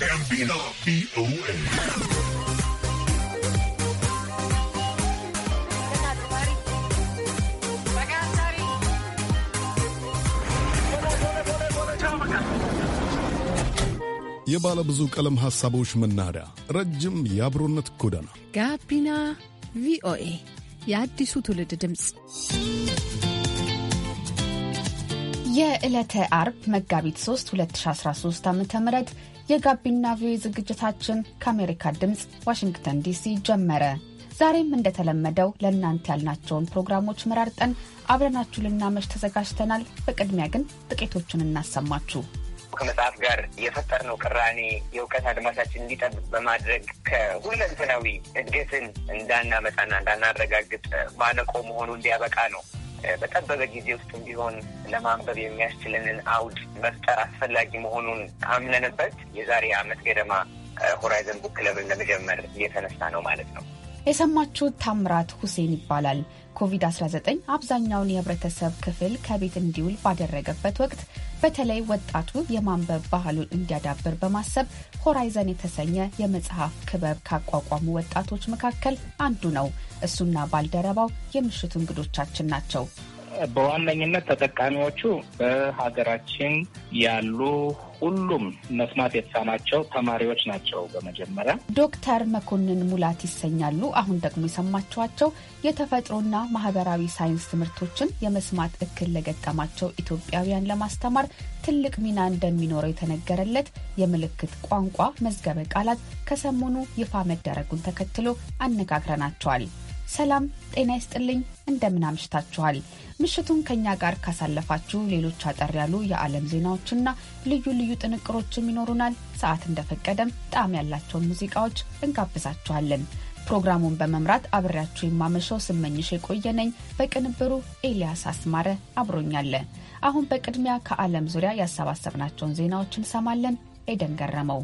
ጋቢና የባለ ብዙ ቀለም ሐሳቦች መናኸሪያ፣ ረጅም የአብሮነት ጎዳና ጋቢና ቪኦኤ የአዲሱ ትውልድ ድምፅ። የዕለተ አርብ መጋቢት 3 2013 ዓ ም የጋቢና ቪኦኤ ዝግጅታችን ከአሜሪካ ድምፅ ዋሽንግተን ዲሲ ጀመረ። ዛሬም እንደተለመደው ለእናንተ ያልናቸውን ፕሮግራሞች መራርጠን አብረናችሁ ልናመሽ ተዘጋጅተናል። በቅድሚያ ግን ጥቂቶቹን እናሰማችሁ። ከመጽሐፍ ጋር የፈጠርነው ቅራኔ የእውቀት አድማሳችን እንዲጠብቅ በማድረግ ከሁለንተናዊ እድገትን እንዳናመጣና እንዳናረጋግጥ ማነቆ መሆኑ እንዲያበቃ ነው በጠበበ ጊዜ ውስጥም ቢሆን ለማንበብ የሚያስችልንን አውድ መፍጠር አስፈላጊ መሆኑን አምነንበት የዛሬ ዓመት ገደማ ሆራይዘን ቡክ ክለብን ለመጀመር እየተነሳ ነው ማለት ነው። የሰማችሁት ታምራት ሁሴን ይባላል። ኮቪድ-19 አብዛኛውን የህብረተሰብ ክፍል ከቤት እንዲውል ባደረገበት ወቅት በተለይ ወጣቱ የማንበብ ባህሉን እንዲያዳብር በማሰብ ሆራይዘን የተሰኘ የመጽሐፍ ክበብ ካቋቋሙ ወጣቶች መካከል አንዱ ነው። እሱና ባልደረባው የምሽቱ እንግዶቻችን ናቸው። በዋነኝነት ተጠቃሚዎቹ በሀገራችን ያሉ ሁሉም መስማት የተሳናቸው ተማሪዎች ናቸው። በመጀመሪያ ዶክተር መኮንን ሙላት ይሰኛሉ። አሁን ደግሞ የሰማችኋቸው የተፈጥሮና ማህበራዊ ሳይንስ ትምህርቶችን የመስማት እክል ለገጠማቸው ኢትዮጵያውያን ለማስተማር ትልቅ ሚና እንደሚኖረው የተነገረለት የምልክት ቋንቋ መዝገበ ቃላት ከሰሞኑ ይፋ መደረጉን ተከትሎ አነጋግረናቸዋል። ሰላም ጤና ይስጥልኝ። እንደምን አምሽታችኋል? ምሽቱን ከእኛ ጋር ካሳለፋችሁ ሌሎች አጠር ያሉ የዓለም ዜናዎችና ልዩ ልዩ ጥንቅሮችም ይኖሩናል። ሰዓት እንደፈቀደም ጣዕም ያላቸውን ሙዚቃዎች እንጋብዛችኋለን። ፕሮግራሙን በመምራት አብሬያችሁ የማመሸው ስመኝሽ የቆየ ነኝ። በቅንብሩ ኤልያስ አስማረ አብሮኛለ። አሁን በቅድሚያ ከዓለም ዙሪያ ያሰባሰብናቸውን ዜናዎች እንሰማለን። ኤደን ገረመው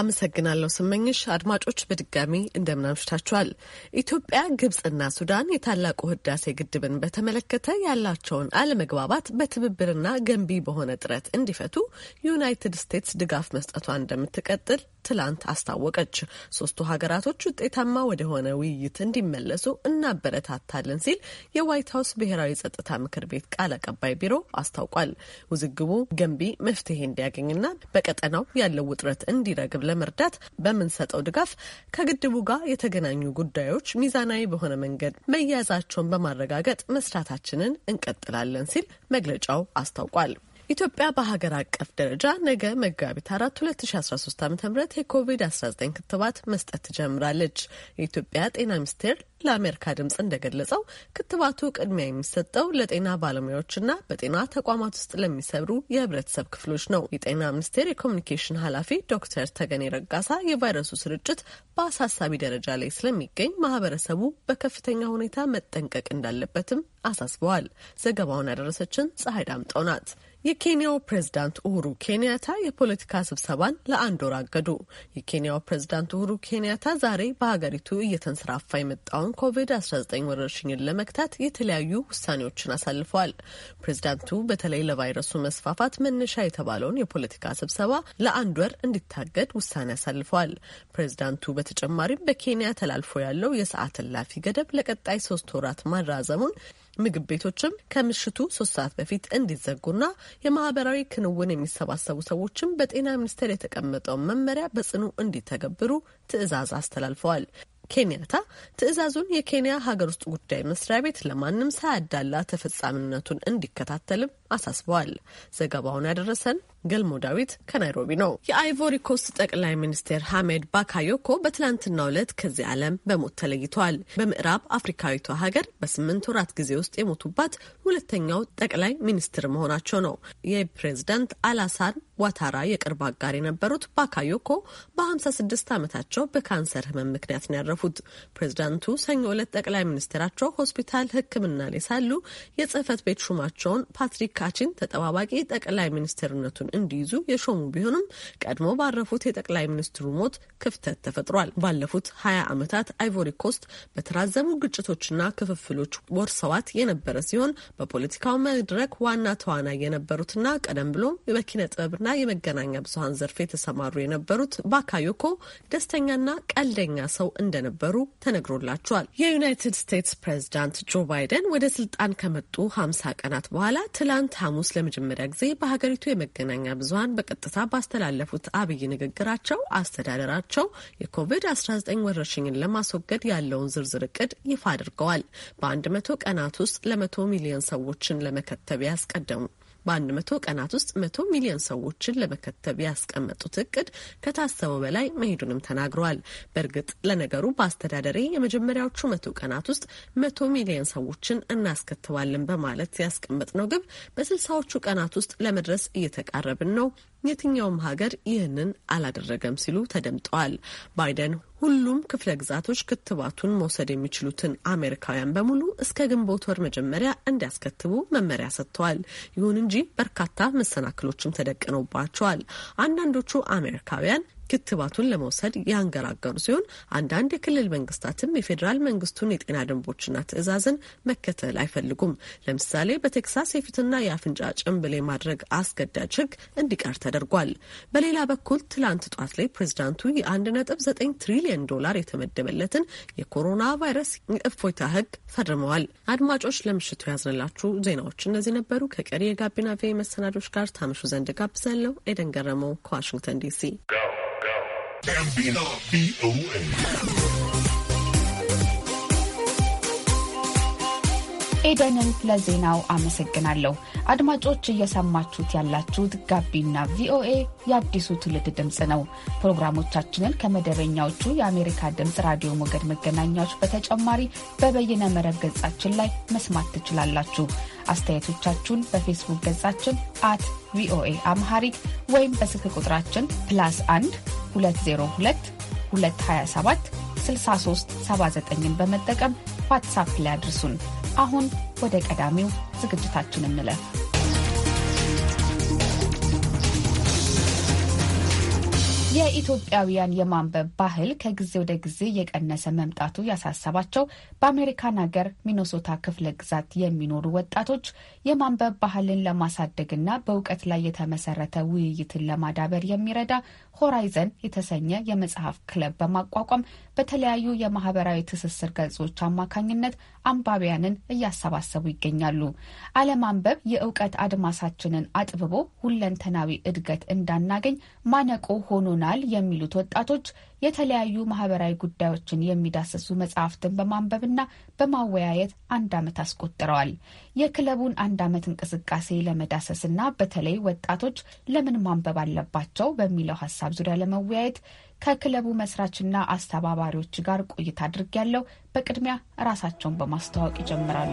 አመሰግናለሁ ስመኝሽ። አድማጮች በድጋሚ እንደምናምሽታችኋል። ኢትዮጵያ፣ ግብጽና ሱዳን የታላቁ ህዳሴ ግድብን በተመለከተ ያላቸውን አለመግባባት በትብብርና ገንቢ በሆነ ጥረት እንዲፈቱ ዩናይትድ ስቴትስ ድጋፍ መስጠቷ እንደምትቀጥል ትላንት አስታወቀች። ሶስቱ ሀገራቶች ውጤታማ ወደሆነ ውይይት እንዲመለሱ እናበረታታለን ሲል የዋይት ሀውስ ብሔራዊ ጸጥታ ምክር ቤት ቃል አቀባይ ቢሮ አስታውቋል። ውዝግቡ ገንቢ መፍትሄ እንዲያገኝና በቀጠናው ያለው ውጥረት እንዲረግብ ለመርዳት በምንሰጠው ድጋፍ ከግድቡ ጋር የተገናኙ ጉዳዮች ሚዛናዊ በሆነ መንገድ መያዛቸውን በማረጋገጥ መስራታችንን እንቀጥላለን ሲል መግለጫው አስታውቋል። ኢትዮጵያ በሀገር አቀፍ ደረጃ ነገ መጋቢት አራት 2013 ዓ ም የኮቪድ-19 ክትባት መስጠት ትጀምራለች። የኢትዮጵያ ጤና ሚኒስቴር ለአሜሪካ ድምፅ እንደገለጸው ክትባቱ ቅድሚያ የሚሰጠው ለጤና ባለሙያዎችና በጤና ተቋማት ውስጥ ለሚሰሩ የህብረተሰብ ክፍሎች ነው። የጤና ሚኒስቴር የኮሚኒኬሽን ኃላፊ ዶክተር ተገኔ ረጋሳ የቫይረሱ ስርጭት በአሳሳቢ ደረጃ ላይ ስለሚገኝ ማህበረሰቡ በከፍተኛ ሁኔታ መጠንቀቅ እንዳለበትም አሳስበዋል። ዘገባውን ያደረሰችን ፀሐይ ዳምጠው ናት። የኬንያው ፕሬዝዳንት ኡሁሩ ኬንያታ የፖለቲካ ስብሰባን ለአንድ ወር አገዱ። የኬንያው ፕሬዝዳንት ኡሁሩ ኬንያታ ዛሬ በሀገሪቱ እየተንሰራፋ የመጣውን ኮቪድ-19 ወረርሽኝን ለመግታት የተለያዩ ውሳኔዎችን አሳልፈዋል። ፕሬዝዳንቱ በተለይ ለቫይረሱ መስፋፋት መነሻ የተባለውን የፖለቲካ ስብሰባ ለአንድ ወር እንዲታገድ ውሳኔ አሳልፈዋል። ፕሬዝዳንቱ በተጨማሪም በኬንያ ተላልፎ ያለው የሰዓት እላፊ ገደብ ለቀጣይ ሶስት ወራት ማራዘሙን ምግብ ቤቶችም ከምሽቱ ሶስት ሰዓት በፊት እንዲዘጉና የማህበራዊ ክንውን የሚሰባሰቡ ሰዎችም በጤና ሚኒስቴር የተቀመጠውን መመሪያ በጽኑ እንዲተገብሩ ትዕዛዝ አስተላልፈዋል። ኬንያታ ትዕዛዙን የኬንያ ሀገር ውስጥ ጉዳይ መስሪያ ቤት ለማንም ሳያዳላ ተፈጻሚነቱን እንዲከታተልም አሳስበዋል። ዘገባውን ያደረሰን ገልሞ ዳዊት ከናይሮቢ ነው። የአይቮሪ ኮስት ጠቅላይ ሚኒስትር ሐሜድ ባካዮኮ በትላንትናው ዕለት ከዚህ ዓለም በሞት ተለይተዋል። በምዕራብ አፍሪካዊቷ ሀገር በስምንት ወራት ጊዜ ውስጥ የሞቱባት ሁለተኛው ጠቅላይ ሚኒስትር መሆናቸው ነው። የፕሬዝዳንት አላሳን ዋታራ የቅርብ አጋር የነበሩት ባካዮኮ በ56 ዓመታቸው በካንሰር ህመም ምክንያት ነው ያረፉት። ፕሬዝዳንቱ ሰኞ ዕለት ጠቅላይ ሚኒስትራቸው ሆስፒታል ሕክምና ላይ ሳሉ የጽህፈት ቤት ሹማቸውን ፓትሪክ ካቺን ተጠባባቂ ጠቅላይ ሚኒስትርነቱን እንዲይዙ የሾሙ ቢሆንም ቀድሞ ባረፉት የጠቅላይ ሚኒስትሩ ሞት ክፍተት ተፈጥሯል። ባለፉት ሀያ ዓመታት አይቮሪ ኮስት በተራዘሙ ግጭቶችና ክፍፍሎች ወርሰዋት የነበረ ሲሆን በፖለቲካው መድረክ ዋና ተዋናይ የነበሩትና ቀደም ብሎ የመኪነ ጥበብና የመገናኛ ብዙሀን ዘርፍ የተሰማሩ የነበሩት ባካዮኮ ደስተኛና ቀልደኛ ሰው እንደነበሩ ተነግሮላቸዋል። የዩናይትድ ስቴትስ ፕሬዚዳንት ጆ ባይደን ወደ ስልጣን ከመጡ ሀምሳ ቀናት በኋላ ትላንት ሐሙስ ለመጀመሪያ ጊዜ በሀገሪቱ የመገናኛ መገናኛ ብዙኃን በቀጥታ ባስተላለፉት አብይ ንግግራቸው አስተዳደራቸው የኮቪድ-19 ወረርሽኝን ለማስወገድ ያለውን ዝርዝር እቅድ ይፋ አድርገዋል። በአንድ መቶ ቀናት ውስጥ ለመቶ ሚሊዮን ሰዎችን ለመከተብ ያስቀደሙ በአንድ መቶ ቀናት ውስጥ መቶ ሚሊዮን ሰዎችን ለመከተብ ያስቀመጡት እቅድ ከታሰበው በላይ መሄዱንም ተናግረዋል። በእርግጥ ለነገሩ በአስተዳደሬ የመጀመሪያዎቹ መቶ ቀናት ውስጥ መቶ ሚሊዮን ሰዎችን እናስከትባለን በማለት ያስቀመጥነው ግብ በስልሳዎቹ ቀናት ውስጥ ለመድረስ እየተቃረብን ነው የትኛውም ሀገር ይህንን አላደረገም ሲሉ ተደምጠዋል። ባይደን ሁሉም ክፍለ ግዛቶች ክትባቱን መውሰድ የሚችሉትን አሜሪካውያን በሙሉ እስከ ግንቦት ወር መጀመሪያ እንዲያስከትቡ መመሪያ ሰጥተዋል። ይሁን እንጂ በርካታ መሰናክሎችም ተደቅኖባቸዋል። አንዳንዶቹ አሜሪካውያን ክትባቱን ለመውሰድ ያንገራገሩ ሲሆን አንዳንድ የክልል መንግስታትም የፌዴራል መንግስቱን የጤና ደንቦችና ትዕዛዝን መከተል አይፈልጉም። ለምሳሌ በቴክሳስ የፊትና የአፍንጫ ጭንብል የማድረግ አስገዳጅ ህግ እንዲቀር ተደርጓል። በሌላ በኩል ትላንት ጧት ላይ ፕሬዚዳንቱ የአንድ ነጥብ ዘጠኝ ትሪሊየን ዶላር የተመደበለትን የኮሮና ቫይረስ እፎይታ ህግ ፈርመዋል። አድማጮች ለምሽቱ ያዝንላችሁ ዜናዎች እነዚህ ነበሩ። ከቀሪ የጋቢና ቪ መሰናዶች ጋር ታምሹ ዘንድ ጋብዛለሁ። ኤደን ገረመው ከዋሽንግተን ዲሲ ጋቢና ቪኦኤ ኤደንን ለዜናው አመሰግናለሁ። አድማጮች እየሰማችሁት ያላችሁት ጋቢና ቪኦኤ የአዲሱ ትውልድ ድምፅ ነው። ፕሮግራሞቻችንን ከመደበኛዎቹ የአሜሪካ ድምፅ ራዲዮ ሞገድ መገናኛዎች በተጨማሪ በበይነ መረብ ገጻችን ላይ መስማት ትችላላችሁ። አስተያየቶቻችሁን በፌስቡክ ገጻችን አት ቪኦኤ አምሃሪክ ወይም በስልክ ቁጥራችን ፕላስ 1 202 227 6379ን በመጠቀም ዋትሳፕ ላይ አድርሱን። አሁን ወደ ቀዳሚው ዝግጅታችን እንለፍ። የኢትዮጵያውያን የማንበብ ባህል ከጊዜ ወደ ጊዜ የቀነሰ መምጣቱ ያሳሰባቸው በአሜሪካን ሀገር ሚኖሶታ ክፍለ ግዛት የሚኖሩ ወጣቶች የማንበብ ባህልን ለማሳደግና በእውቀት ላይ የተመሰረተ ውይይትን ለማዳበር የሚረዳ ሆራይዘን የተሰኘ የመጽሐፍ ክለብ በማቋቋም በተለያዩ የማህበራዊ ትስስር ገጾች አማካኝነት አንባቢያንን እያሰባሰቡ ይገኛሉ። አለማንበብ የእውቀት አድማሳችንን አጥብቦ ሁለንተናዊ እድገት እንዳናገኝ ማነቆ ሆኖናል የሚሉት ወጣቶች የተለያዩ ማህበራዊ ጉዳዮችን የሚዳስሱ መጽሐፍትን በማንበብና በማወያየት አንድ ዓመት አስቆጥረዋል። የክለቡን አንድ ዓመት እንቅስቃሴ ለመዳሰስና በተለይ ወጣቶች ለምን ማንበብ አለባቸው በሚለው ሀሳብ ዙሪያ ለመወያየት ከክለቡ መስራችና አስተባባሪዎች ጋር ቆይታ አድርግ ያለው በቅድሚያ ራሳቸውን በማስተዋወቅ ይጀምራሉ።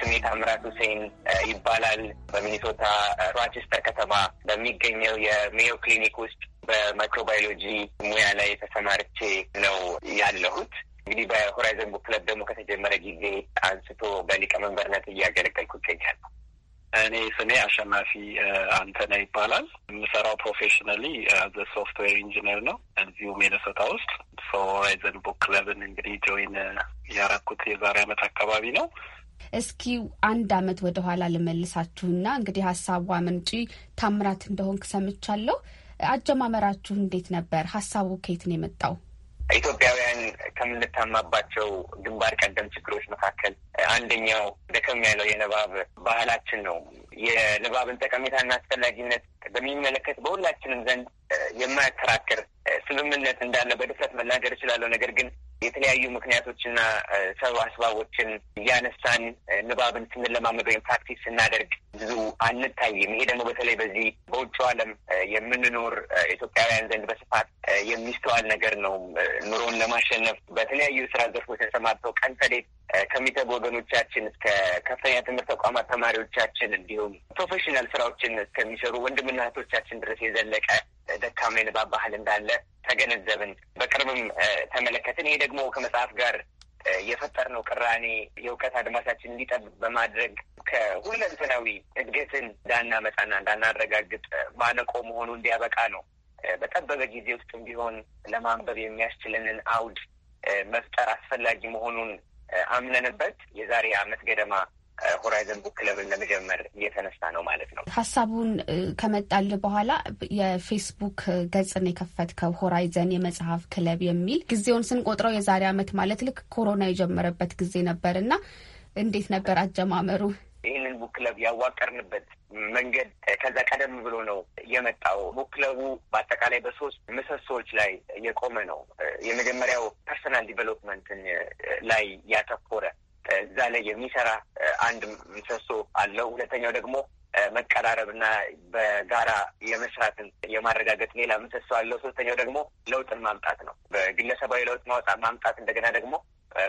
ስሜት አምራት ሁሴን ይባላል። በሚኒሶታ ሮቸስተር ከተማ በሚገኘው የሜዮ ክሊኒክ ውስጥ በማይክሮባዮሎጂ ሙያ ላይ ተሰማርቼ ነው ያለሁት። እንግዲህ በሆራይዘን ቡክ ክለብ ደግሞ ከተጀመረ ጊዜ አንስቶ በሊቀመንበርነት እያገለገልኩ ይገኛል። እኔ ስሜ አሸናፊ አንተነህ ይባላል። የምሰራው ፕሮፌሽናሊ ሶፍትዌር ኢንጂነር ነው እዚሁ ሚነሶታ ውስጥ። ሆራይዘን ቡክ ክለብን እንግዲህ ጆይን ያረኩት የዛሬ አመት አካባቢ ነው። እስኪ አንድ አመት ወደ ኋላ ልመልሳችሁና እንግዲህ ሀሳቡ አመንጪ ታምራት እንደሆንክ ሰምቻለሁ። አጀማመራችሁ እንዴት ነበር? ሀሳቡ ከየት ነው የመጣው? ኢትዮጵያውያን ከምንታማባቸው ግንባር ቀደም ችግሮች መካከል አንደኛው ደከም ያለው የንባብ ባህላችን ነው። የንባብን ጠቀሜታና አስፈላጊነት በሚመለከት በሁላችንም ዘንድ የማያከራክር ስምምነት እንዳለ በድፍረት መናገር እችላለሁ። ነገር ግን የተለያዩ ምክንያቶችና ሰበብ አስባቦችን እያነሳን ንባብን ስንለማመድ ወይም ፕራክቲስ ስናደርግ ብዙ አንታይም። ይሄ ደግሞ በተለይ በዚህ በውጭ ዓለም የምንኖር ኢትዮጵያውያን ዘንድ በስፋት የሚስተዋል ነገር ነው። ኑሮን ለማሸነፍ በተለያዩ ስራ ዘርፎች ተሰማርተው ቀን ተሌት ከሚተጉ ወገኖቻችን እስከ ከፍተኛ ትምህርት ተቋማት ተማሪዎቻችን፣ እንዲሁም ፕሮፌሽናል ስራዎችን እስከሚሰሩ ወንድምና እህቶቻችን ድረስ የዘለቀ ደካማ የንባብ ባህል እንዳለ ተገነዘብን፣ በቅርብም ተመለከትን። ይሄ ደግሞ ከመጽሐፍ ጋር የፈጠርነው ቅራኔ የእውቀት አድማሳችን እንዲጠብቅ በማድረግ ከሁለንተናዊ እድገትን እንዳናመጣና እንዳናረጋግጥ ማነቆ መሆኑ እንዲያበቃ ነው። በጠበበ ጊዜ ውስጥም ቢሆን ለማንበብ የሚያስችለንን አውድ መፍጠር አስፈላጊ መሆኑን አምነንበት የዛሬ ዓመት ገደማ ሆራይዘን ቡክ ክለብን ለመጀመር እየተነሳ ነው ማለት ነው። ሀሳቡን ከመጣል በኋላ የፌስቡክ ገጽን የከፈትከው ሆራይዘን የመጽሐፍ ክለብ የሚል ጊዜውን ስንቆጥረው የዛሬ አመት ማለት ልክ ኮሮና የጀመረበት ጊዜ ነበር እና እንዴት ነበር አጀማመሩ? ይህንን ቡክ ክለብ ያዋቀርንበት መንገድ ከዛ ቀደም ብሎ ነው የመጣው። ቡክ ክለቡ በአጠቃላይ በሶስት ምሰሶዎች ላይ የቆመ ነው። የመጀመሪያው ፐርሰናል ዲቨሎፕመንትን ላይ ያተኮረ እዛ ላይ የሚሰራ አንድ ምሰሶ አለው። ሁለተኛው ደግሞ መቀራረብና በጋራ የመስራትን የማረጋገጥ ሌላ ምሰሶ አለው። ሶስተኛው ደግሞ ለውጥን ማምጣት ነው። በግለሰባዊ ለውጥ ማውጣት ማምጣት እንደገና ደግሞ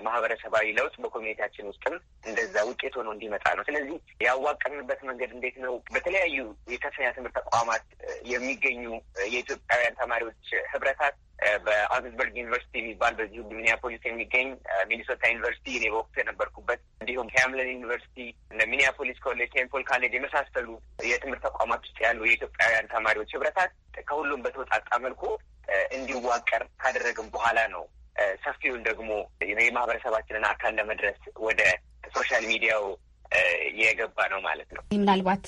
ማህበረሰባዊ ለውጥ በኮሚኒቲያችን ውስጥም እንደዛ ውጤት ሆኖ እንዲመጣ ነው። ስለዚህ ያዋቀርንበት መንገድ እንዴት ነው? በተለያዩ የከፍተኛ ትምህርት ተቋማት የሚገኙ የኢትዮጵያውያን ተማሪዎች ህብረታት በአግስበርግ ዩኒቨርሲቲ የሚባል በዚሁ ሚኒያፖሊስ የሚገኝ ሚኒሶታ ዩኒቨርሲቲ እኔ በወቅቱ የነበርኩበት፣ እንዲሁም ሃምለን ዩኒቨርሲቲ፣ ሚኒያፖሊስ ኮሌጅ፣ ቴምፖል ካሌጅ የመሳሰሉ የትምህርት ተቋማት ውስጥ ያሉ የኢትዮጵያውያን ተማሪዎች ህብረታት ከሁሉም በተወጣጣ መልኩ እንዲዋቀር ካደረግም በኋላ ነው ሰፊውን ደግሞ የማህበረሰባችንን አካል ለመድረስ ወደ ሶሻል ሚዲያው የገባ ነው ማለት ነው። ምናልባት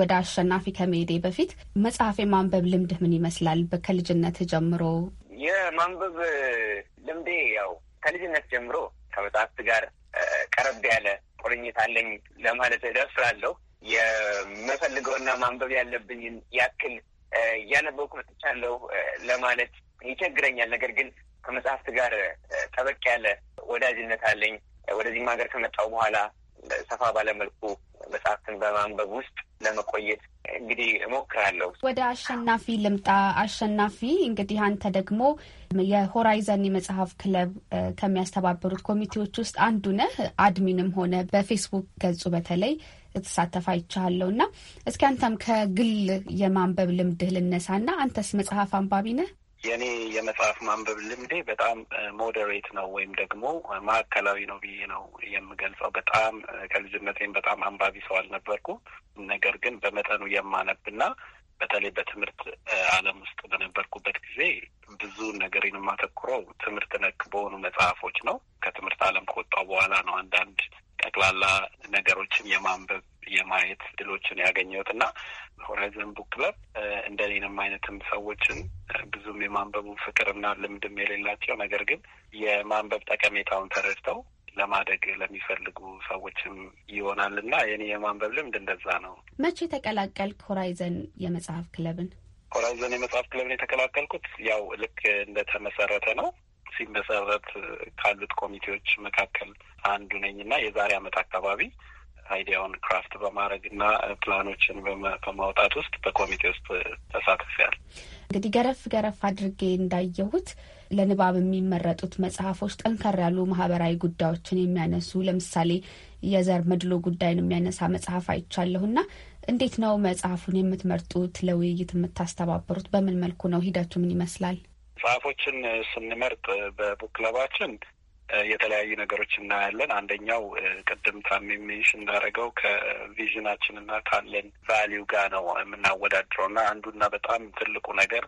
ወደ አሸናፊ ከመሄዴ በፊት መጽሐፍ የማንበብ ልምድህ ምን ይመስላል? ከልጅነት ጀምሮ የማንበብ ልምዴ ያው ከልጅነት ጀምሮ ከመጽሐፍት ጋር ቀረብ ያለ ቁርኝት አለኝ ለማለት እደፍራለሁ። የምፈልገውና ማንበብ ያለብኝን ያክል እያነበብኩ መጥቻለሁ ለማለት ይቸግረኛል። ነገር ግን ከመጽሐፍት ጋር ጠበቅ ያለ ወዳጅነት አለኝ። ወደዚህም ሀገር ከመጣው በኋላ ሰፋ ባለመልኩ መጽሐፍትን በማንበብ ውስጥ ለመቆየት እንግዲህ እሞክራለሁ። ወደ አሸናፊ ልምጣ። አሸናፊ እንግዲህ አንተ ደግሞ የሆራይዘን የመጽሐፍ ክለብ ከሚያስተባበሩት ኮሚቴዎች ውስጥ አንዱ ነህ። አድሚንም ሆነ በፌስቡክ ገጹ በተለይ እትሳተፍ አይቻለሁ እና እስኪ አንተም ከግል የማንበብ ልምድህ ልነሳ እና አንተስ መጽሐፍ አንባቢ ነህ? የኔ የመጽሐፍ ማንበብ ልምዴ በጣም ሞዴሬት ነው ወይም ደግሞ ማዕከላዊ ነው ብዬ ነው የምገልጸው። በጣም ከልጅነቴም በጣም አንባቢ ሰው አልነበርኩ ነገር ግን በመጠኑ የማነብና በተለይ በትምህርት ዓለም ውስጥ በነበርኩበት ጊዜ ብዙ ነገሬን የማተኩረው ትምህርት ነክ በሆኑ መጽሐፎች ነው። ከትምህርት ዓለም ከወጣው በኋላ ነው አንዳንድ ጠቅላላ ነገሮችን የማንበብ የማየት ድሎችን ያገኘሁት እና ሆራይዘን ቡክ ክለብ እንደኔንም አይነትም ሰዎችን ብዙም የማንበቡ ፍቅርና ልምድም የሌላቸው ነገር ግን የማንበብ ጠቀሜታውን ተረድተው ለማደግ ለሚፈልጉ ሰዎችም ይሆናል እና የኔ የማንበብ ልምድ እንደዛ ነው። መቼ ተቀላቀልክ ሆራይዘን የመጽሐፍ ክለብን? ሆራይዘን የመጽሐፍ ክለብን የተቀላቀልኩት ያው ልክ እንደተመሰረተ ነው ሲመሰረት ካሉት ኮሚቴዎች መካከል አንዱ ነኝ እና የዛሬ አመት አካባቢ አይዲያውን ክራፍት በማድረግ እና ፕላኖችን በማውጣት ውስጥ በኮሚቴ ውስጥ ተሳትፌያለሁ። እንግዲህ ገረፍ ገረፍ አድርጌ እንዳየሁት ለንባብ የሚመረጡት መጽሐፎች ጠንከር ያሉ ማህበራዊ ጉዳዮችን የሚያነሱ ለምሳሌ የዘር መድሎ ጉዳይን የሚያነሳ መጽሐፍ አይቻለሁና እንዴት ነው መጽሐፉን የምትመርጡት? ለውይይት የምታስተባበሩት በምን መልኩ ነው? ሂደቱ ምን ይመስላል? መጽሐፎችን ስንመርጥ በቡክለባችን የተለያዩ ነገሮች እናያለን። አንደኛው ቅድም ታሚ ሜንሽ እንዳደረገው ከቪዥናችን እና ካለን ቫሊዩ ጋር ነው የምናወዳድረው እና አንዱና በጣም ትልቁ ነገር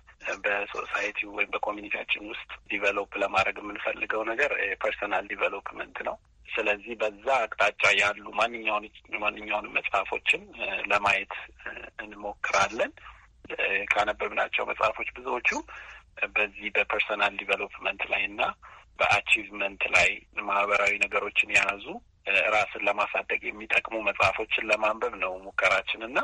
በሶሳይቲ ወይም በኮሚኒቲያችን ውስጥ ዲቨሎፕ ለማድረግ የምንፈልገው ነገር ፐርሰናል ዲቨሎፕመንት ነው። ስለዚህ በዛ አቅጣጫ ያሉ ማንኛውንም መጽሐፎችን ለማየት እንሞክራለን። ካነበብናቸው መጽሐፎች ብዙዎቹ በዚህ በፐርሰናል ዲቨሎፕመንት ላይ እና በአቺቭመንት ላይ ማህበራዊ ነገሮችን የያዙ ራስን ለማሳደግ የሚጠቅሙ መጽሐፎችን ለማንበብ ነው ሙከራችን እና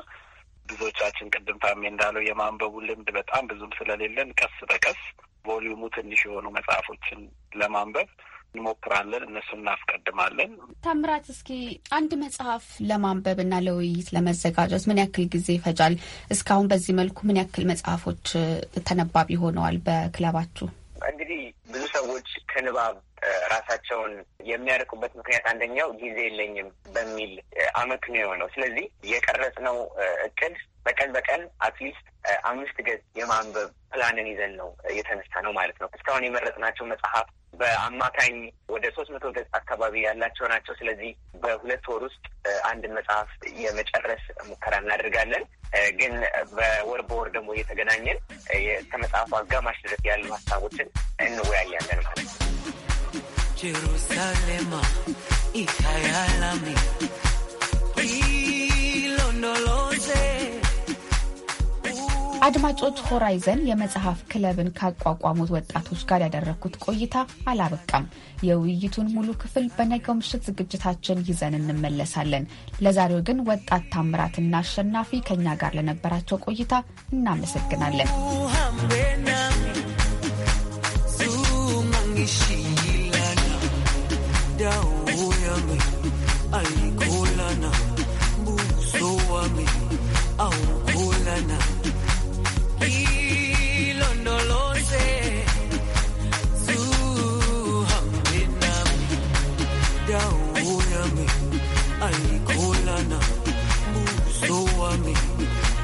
ብዙዎቻችን ቅድም ታሜ እንዳለው የማንበቡ ልምድ በጣም ብዙም ስለሌለን ቀስ በቀስ ቮሊዩሙ ትንሽ የሆኑ መጽሐፎችን ለማንበብ እንሞክራለን። እነሱ እናስቀድማለን። ታምራት፣ እስኪ አንድ መጽሐፍ ለማንበብ እና ለውይይት ለመዘጋጀት ምን ያክል ጊዜ ይፈጃል? እስካሁን በዚህ መልኩ ምን ያክል መጽሐፎች ተነባቢ ሆነዋል በክለባችሁ? እንግዲህ ብዙ ሰዎች ከንባብ ራሳቸውን የሚያርቁበት ምክንያት አንደኛው ጊዜ የለኝም በሚል አመክንዮ ነው። ስለዚህ የቀረጽነው እቅድ በቀን በቀን አትሊስት አምስት ገጽ የማንበብ ፕላንን ይዘን ነው እየተነሳ ነው ማለት ነው። እስካሁን የመረጥናቸው መጽሐፍ በአማካኝ ወደ ሶስት መቶ ገጽ አካባቢ ያላቸው ናቸው። ስለዚህ በሁለት ወር ውስጥ አንድን መጽሐፍ የመጨረስ ሙከራ እናደርጋለን። ግን በወር በወር ደግሞ እየተገናኘን ከመጽሐፉ አጋማሽ ድረስ ያሉ ሀሳቦችን እንወያያለን ማለት ነው። ጀሩሳሌማ ikayalami ilondoloze አድማጮች ሆራይዘን የመጽሐፍ ክለብን ካቋቋሙት ወጣቶች ጋር ያደረግኩት ቆይታ አላበቃም። የውይይቱን ሙሉ ክፍል በነገው ምሽት ዝግጅታችን ይዘን እንመለሳለን። ለዛሬው ግን ወጣት ታምራትና አሸናፊ ከእኛ ጋር ለነበራቸው ቆይታ እናመሰግናለን።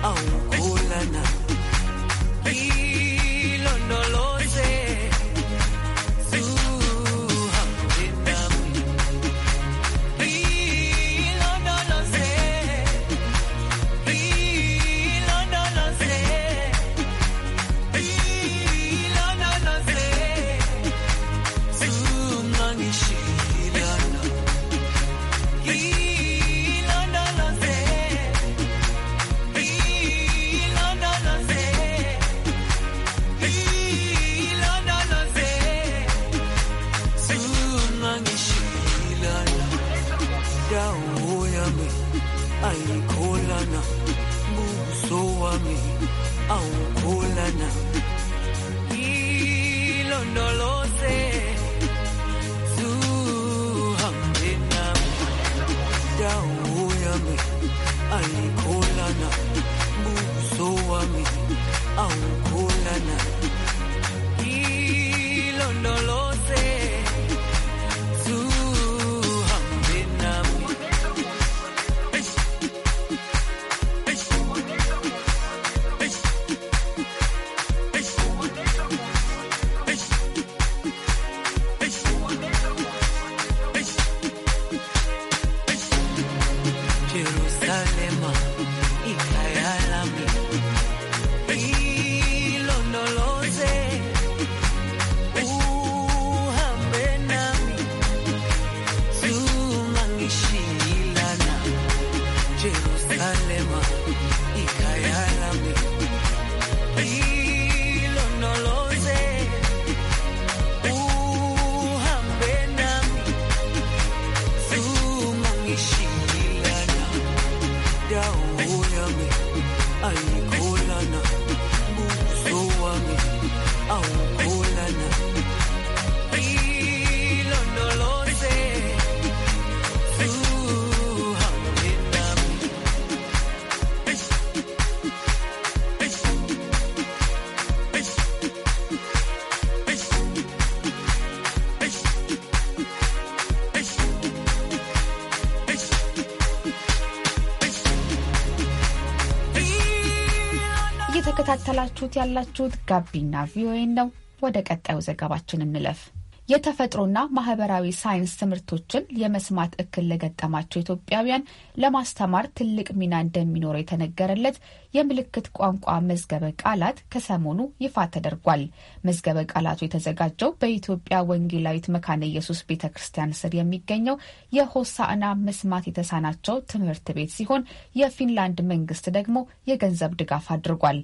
Oh. miguu yami alikulana buso wami aukulana ilondolo እያዳመጣችሁት ያላችሁት ጋቢና ቪኦኤ ነው። ወደ ቀጣዩ ዘገባችን እንለፍ። የተፈጥሮና ማህበራዊ ሳይንስ ትምህርቶችን የመስማት እክል ለገጠማቸው ኢትዮጵያውያን ለማስተማር ትልቅ ሚና እንደሚኖረው የተነገረለት የምልክት ቋንቋ መዝገበ ቃላት ከሰሞኑ ይፋ ተደርጓል። መዝገበ ቃላቱ የተዘጋጀው በኢትዮጵያ ወንጌላዊት መካነ ኢየሱስ ቤተ ክርስቲያን ስር የሚገኘው የሆሳዕና መስማት የተሳናቸው ትምህርት ቤት ሲሆን የፊንላንድ መንግስት ደግሞ የገንዘብ ድጋፍ አድርጓል።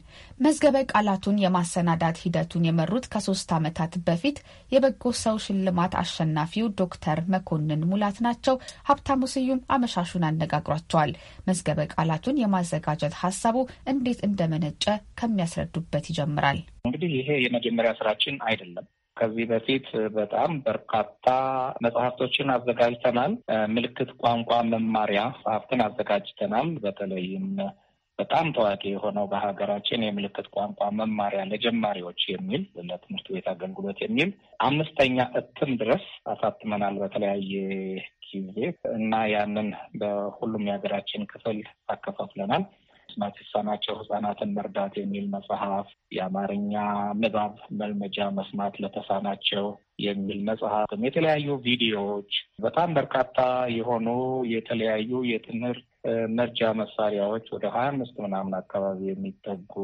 መዝገበ ቃላቱን የማሰናዳት ሂደቱን የመሩት ከሶስት ዓመታት በፊት የበጎ ሰው የዘንድሮው ሽልማት አሸናፊው ዶክተር መኮንን ሙላት ናቸው። ሀብታሙ ስዩም አመሻሹን አነጋግሯቸዋል። መዝገበ ቃላቱን የማዘጋጀት ሀሳቡ እንዴት እንደመነጨ ከሚያስረዱበት ይጀምራል። እንግዲህ ይሄ የመጀመሪያ ስራችን አይደለም። ከዚህ በፊት በጣም በርካታ መጽሐፍቶችን አዘጋጅተናል። ምልክት ቋንቋ መማሪያ መጽሐፍትን አዘጋጅተናል። በተለይም በጣም ታዋቂ የሆነው በሀገራችን የምልክት ቋንቋ መማሪያ ለጀማሪዎች የሚል ለትምህርት ቤት አገልግሎት የሚል አምስተኛ እትም ድረስ አሳትመናል በተለያየ ጊዜ እና ያንን በሁሉም የሀገራችን ክፍል አከፋፍለናል። መስማት የተሳናቸው ህጻናትን መርዳት የሚል መጽሐፍ፣ የአማርኛ ንባብ መልመጃ መስማት ለተሳናቸው የሚል መጽሐፍ፣ የተለያዩ ቪዲዮዎች፣ በጣም በርካታ የሆኑ የተለያዩ የትምህርት መርጃ መሳሪያዎች ወደ ሀያ አምስት ምናምን አካባቢ የሚጠጉ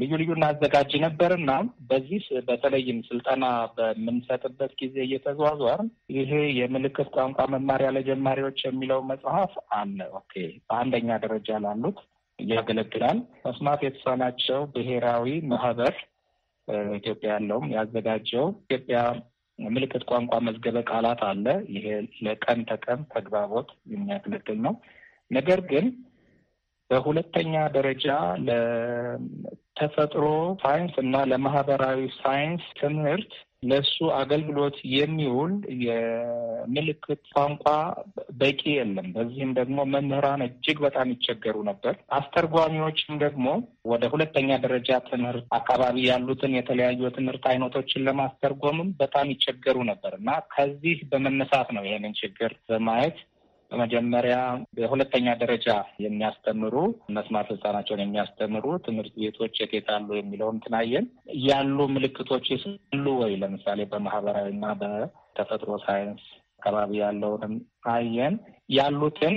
ልዩ ልዩ እናዘጋጅ ነበር እና በዚህ በተለይም ስልጠና በምንሰጥበት ጊዜ እየተዟዟር ይሄ የምልክት ቋንቋ መማሪያ ለጀማሪዎች የሚለው መጽሐፍ አለ። ኦኬ በአንደኛ ደረጃ ላሉት ያገለግላል። መስማት የተሳናቸው ብሔራዊ ማህበር ኢትዮጵያ ያለውም ያዘጋጀው ኢትዮጵያ ምልክት ቋንቋ መዝገበ ቃላት አለ። ይሄ ለቀን ተቀን ተግባቦት የሚያገለግል ነው። ነገር ግን በሁለተኛ ደረጃ ለተፈጥሮ ሳይንስ እና ለማህበራዊ ሳይንስ ትምህርት ለሱ አገልግሎት የሚውል የምልክት ቋንቋ በቂ የለም። በዚህም ደግሞ መምህራን እጅግ በጣም ይቸገሩ ነበር። አስተርጓሚዎችም ደግሞ ወደ ሁለተኛ ደረጃ ትምህርት አካባቢ ያሉትን የተለያዩ የትምህርት አይነቶችን ለማስተርጎምም በጣም ይቸገሩ ነበር እና ከዚህ በመነሳት ነው ይህንን ችግር በማየት በመጀመሪያ በሁለተኛ ደረጃ የሚያስተምሩ መስማት ህጻናቸውን የሚያስተምሩ ትምህርት ቤቶች የቴት አሉ የሚለውን ትናየን ያሉ ምልክቶች ይስሉ ወይ ለምሳሌ በማህበራዊ እና በተፈጥሮ ሳይንስ አካባቢ ያለውንም አየን። ያሉትን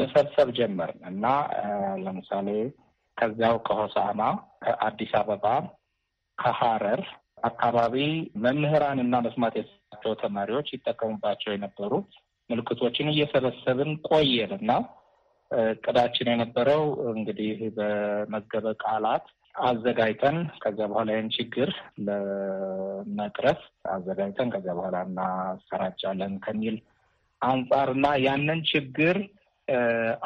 መሰብሰብ ጀመር እና ለምሳሌ ከዚያው ከሆሳማ፣ ከአዲስ አበባ፣ ከሀረር አካባቢ መምህራን እና መስማት የተሳናቸው ተማሪዎች ይጠቀሙባቸው የነበሩት ምልክቶችን እየሰበሰብን ቆየን እና እቅዳችን የነበረው እንግዲህ በመዝገበ ቃላት አዘጋጅተን ከዚያ በኋላ ይህን ችግር ለመቅረፍ አዘጋጅተን ከዚያ በኋላ እናሰራጫለን ከሚል አንጻርና ያንን ችግር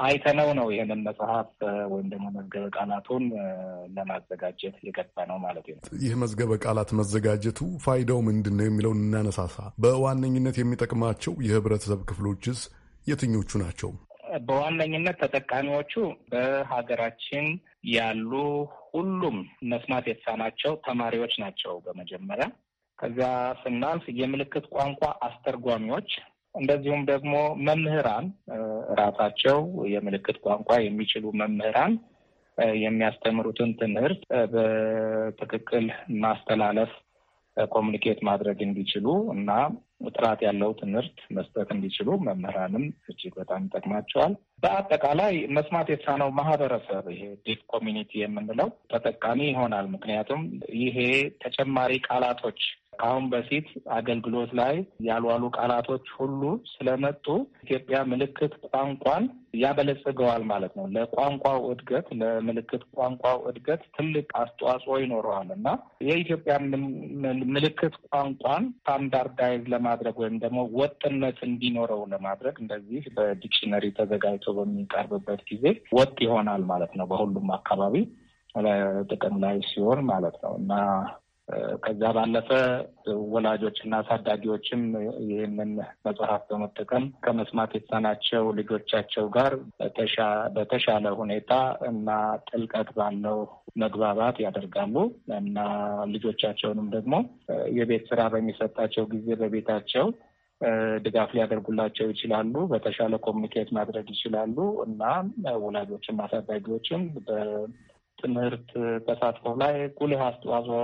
አይተነው ነው ይህንን መጽሐፍ ወይም ደግሞ መዝገበ ቃላቱን ለማዘጋጀት የገባ ነው ማለት ነው። ይህ መዝገበ ቃላት መዘጋጀቱ ፋይዳው ምንድን ነው የሚለውን እናነሳሳ። በዋነኝነት የሚጠቅማቸው የህብረተሰብ ክፍሎችስ የትኞቹ ናቸው? በዋነኝነት ተጠቃሚዎቹ በሀገራችን ያሉ ሁሉም መስማት የተሳናቸው ተማሪዎች ናቸው በመጀመሪያ ከዚያ ስናልፍ የምልክት ቋንቋ አስተርጓሚዎች እንደዚሁም ደግሞ መምህራን ራሳቸው የምልክት ቋንቋ የሚችሉ መምህራን የሚያስተምሩትን ትምህርት በትክክል ማስተላለፍ ኮሚኒኬት ማድረግ እንዲችሉ እና ጥራት ያለው ትምህርት መስጠት እንዲችሉ መምህራንም እጅግ በጣም ይጠቅማቸዋል። በአጠቃላይ መስማት የተሳነው ማህበረሰብ ይሄ ዲፍ ኮሚኒቲ የምንለው ተጠቃሚ ይሆናል። ምክንያቱም ይሄ ተጨማሪ ቃላቶች ከአሁን በፊት አገልግሎት ላይ ያልዋሉ ቃላቶች ሁሉ ስለመጡ ኢትዮጵያ ምልክት ቋንቋን ያበለጽገዋል ማለት ነው። ለቋንቋው እድገት፣ ለምልክት ቋንቋው እድገት ትልቅ አስተዋጽኦ ይኖረዋል እና የኢትዮጵያ ምልክት ቋንቋን ስታንዳርዳይዝ ለማድረግ ወይም ደግሞ ወጥነት እንዲኖረው ለማድረግ እንደዚህ በዲክሽነሪ ተዘጋጅቶ በሚቀርብበት ጊዜ ወጥ ይሆናል ማለት ነው። በሁሉም አካባቢ ጥቅም ላይ ሲሆን ማለት ነው እና ከዛ ባለፈ ወላጆችና እና አሳዳጊዎችም ይህንን መጽሐፍ በመጠቀም ከመስማት የተሳናቸው ልጆቻቸው ጋር በተሻለ ሁኔታ እና ጥልቀት ባለው መግባባት ያደርጋሉ እና ልጆቻቸውንም ደግሞ የቤት ስራ በሚሰጣቸው ጊዜ በቤታቸው ድጋፍ ሊያደርጉላቸው ይችላሉ። በተሻለ ኮሚኒኬት ማድረግ ይችላሉ እና ወላጆችም አሳዳጊዎችም ትምህርት ተሳትፎ ላይ ጉልህ አስተዋጽኦ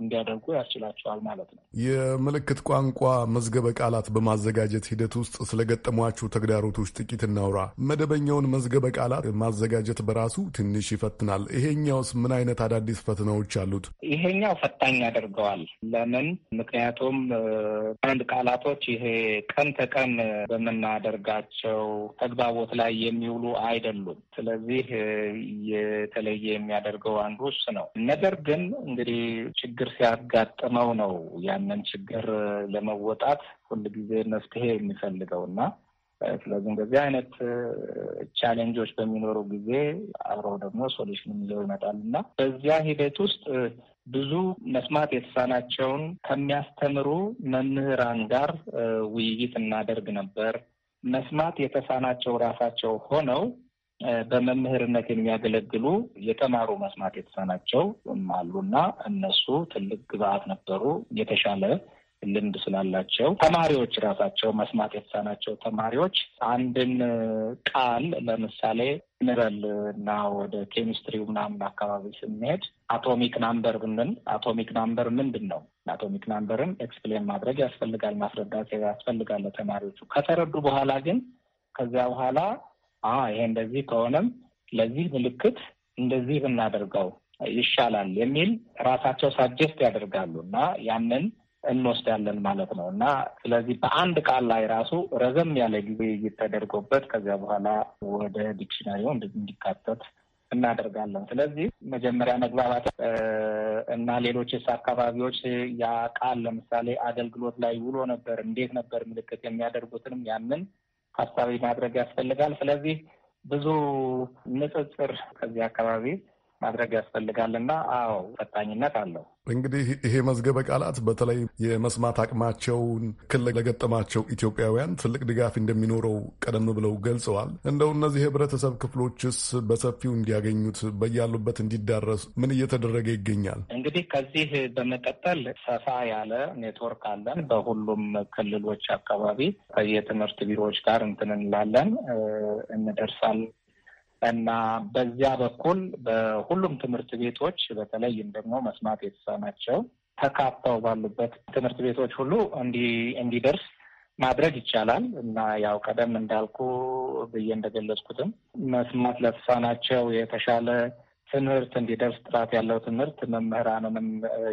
እንዲያደርጉ ያስችላቸዋል ማለት ነው። የምልክት ቋንቋ መዝገበ ቃላት በማዘጋጀት ሂደት ውስጥ ስለገጠሟችሁ ተግዳሮቶች ጥቂት እናውራ። መደበኛውን መዝገበ ቃላት ማዘጋጀት በራሱ ትንሽ ይፈትናል። ይሄኛውስ ምን አይነት አዳዲስ ፈተናዎች አሉት? ይሄኛው ፈታኝ ያደርገዋል። ለምን? ምክንያቱም አንድ ቃላቶች ይሄ ቀን ተቀን በምናደርጋቸው ተግባቦት ላይ የሚውሉ አይደሉም። ስለዚህ የተለየ የሚያደርገው አንዱ እሱ ነው። ነገር ግን እንግዲህ ችግር ሲያጋጥመው ነው ያንን ችግር ለመወጣት ሁልጊዜ መፍትሄ የሚፈልገው እና ስለዚህ እንደዚህ አይነት ቻሌንጆች በሚኖሩ ጊዜ አብረው ደግሞ ሶሉሽን ይዘው ይመጣል እና በዚያ ሂደት ውስጥ ብዙ መስማት የተሳናቸውን ከሚያስተምሩ መምህራን ጋር ውይይት እናደርግ ነበር። መስማት የተሳናቸው ራሳቸው ሆነው በመምህርነት የሚያገለግሉ የተማሩ መስማት የተሳናቸው አሉና እነሱ ትልቅ ግብአት ነበሩ። የተሻለ ልምድ ስላላቸው ተማሪዎች ራሳቸው መስማት የተሳናቸው ተማሪዎች አንድን ቃል ለምሳሌ ንበል እና ወደ ኬሚስትሪው ምናምን አካባቢ ስንሄድ አቶሚክ ናምበር ብንል አቶሚክ ናምበር ምንድን ነው? አቶሚክ ናምበርን ኤክስፕሌን ማድረግ ያስፈልጋል፣ ማስረዳት ያስፈልጋል ለተማሪዎቹ። ከተረዱ በኋላ ግን ከዚያ በኋላ ይሄ እንደዚህ ከሆነም ለዚህ ምልክት እንደዚህ ብናደርገው ይሻላል የሚል ራሳቸው ሳጀስት ያደርጋሉ እና ያንን እንወስዳለን ማለት ነው እና ስለዚህ በአንድ ቃል ላይ ራሱ ረዘም ያለ ጊዜ እየተደርጎበት ከዚያ በኋላ ወደ ዲክሽነሪው እንዲካተት እናደርጋለን። ስለዚህ መጀመሪያ መግባባት እና ሌሎችስ አካባቢዎች ያ ቃል ለምሳሌ አገልግሎት ላይ ውሎ ነበር፣ እንዴት ነበር ምልክት የሚያደርጉትንም ያንን ታሳቢ ማድረግ ያስፈልጋል። ስለዚህ ብዙ ንጽጽር ከዚህ አካባቢ ማድረግ ያስፈልጋል እና አዎ ፈጣኝነት አለው። እንግዲህ ይሄ መዝገበ ቃላት በተለይ የመስማት አቅማቸውን ክል ለገጠማቸው ኢትዮጵያውያን ትልቅ ድጋፍ እንደሚኖረው ቀደም ብለው ገልጸዋል። እንደው እነዚህ ህብረተሰብ ክፍሎችስ በሰፊው እንዲያገኙት በያሉበት እንዲዳረሱ ምን እየተደረገ ይገኛል? እንግዲህ ከዚህ በመቀጠል ሰፋ ያለ ኔትወርክ አለን። በሁሉም ክልሎች አካባቢ ከየትምህርት ቢሮዎች ጋር እንትን እንላለን እንደርሳለን እና በዚያ በኩል በሁሉም ትምህርት ቤቶች በተለይም ደግሞ መስማት የተሳናቸው ተካተው ባሉበት ትምህርት ቤቶች ሁሉ እንዲደርስ ማድረግ ይቻላል እና ያው ቀደም እንዳልኩ ብዬ እንደገለጽኩትም መስማት ለተሳናቸው የተሻለ ትምህርት እንዲደርስ ጥራት ያለው ትምህርት መምህራንንም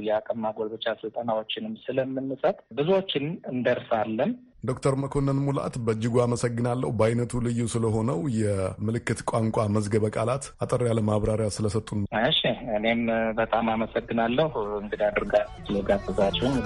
የአቅም ማጎልበቻ ስልጠናዎችንም ስለምንሰጥ ብዙዎችን እንደርሳለን። ዶክተር መኮንን ሙላት በእጅጉ አመሰግናለሁ። በአይነቱ ልዩ ስለሆነው የምልክት ቋንቋ መዝገበ ቃላት አጠር ያለ ማብራሪያ ስለሰጡን፣ እሺ እኔም በጣም አመሰግናለሁ እንግዲህ አድርጋ ስለጋበዛችሁን።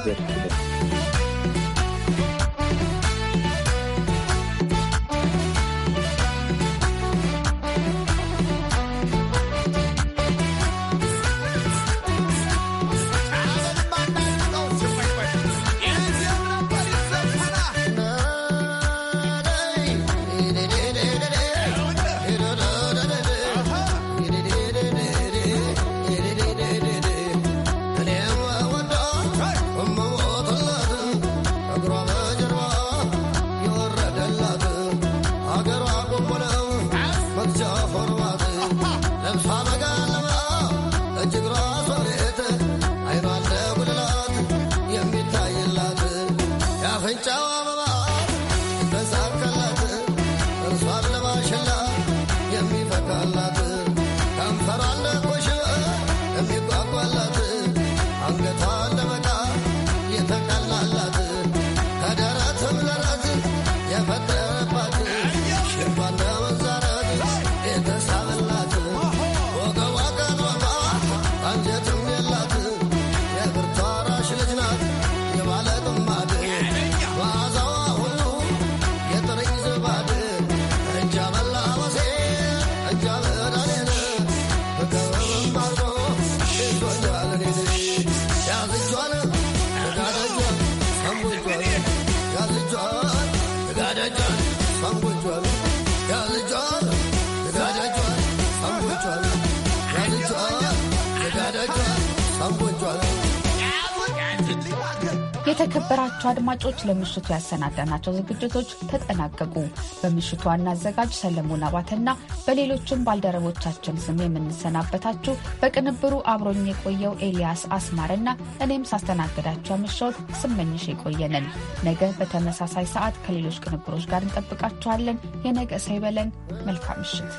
የተከበራቸው አድማጮች ለምሽቱ ያሰናዳናቸው ዝግጅቶች ተጠናቀቁ። በምሽቱ ዋና አዘጋጅ ሰለሞን አባተና በሌሎችም ባልደረቦቻችን ስም የምንሰናበታችሁ በቅንብሩ አብሮኝ የቆየው ኤልያስ አስማርና እኔም ሳስተናግዳቸው ያመሻወት ስመኝሽ የቆየንን ነገ በተመሳሳይ ሰዓት ከሌሎች ቅንብሮች ጋር እንጠብቃችኋለን። የነገ ሳይበለን መልካም ምሽት።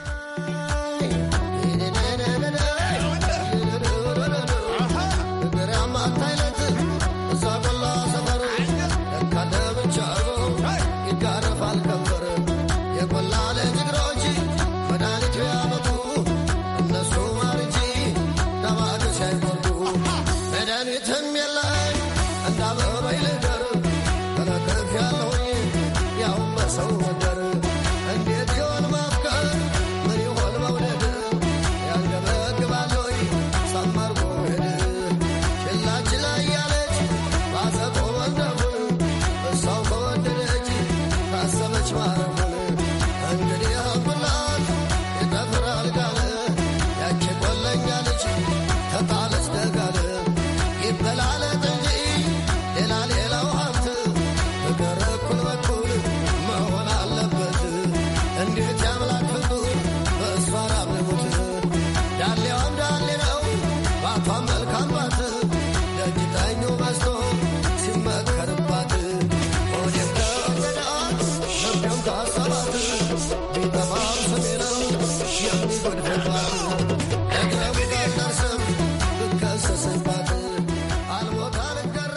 so adorable.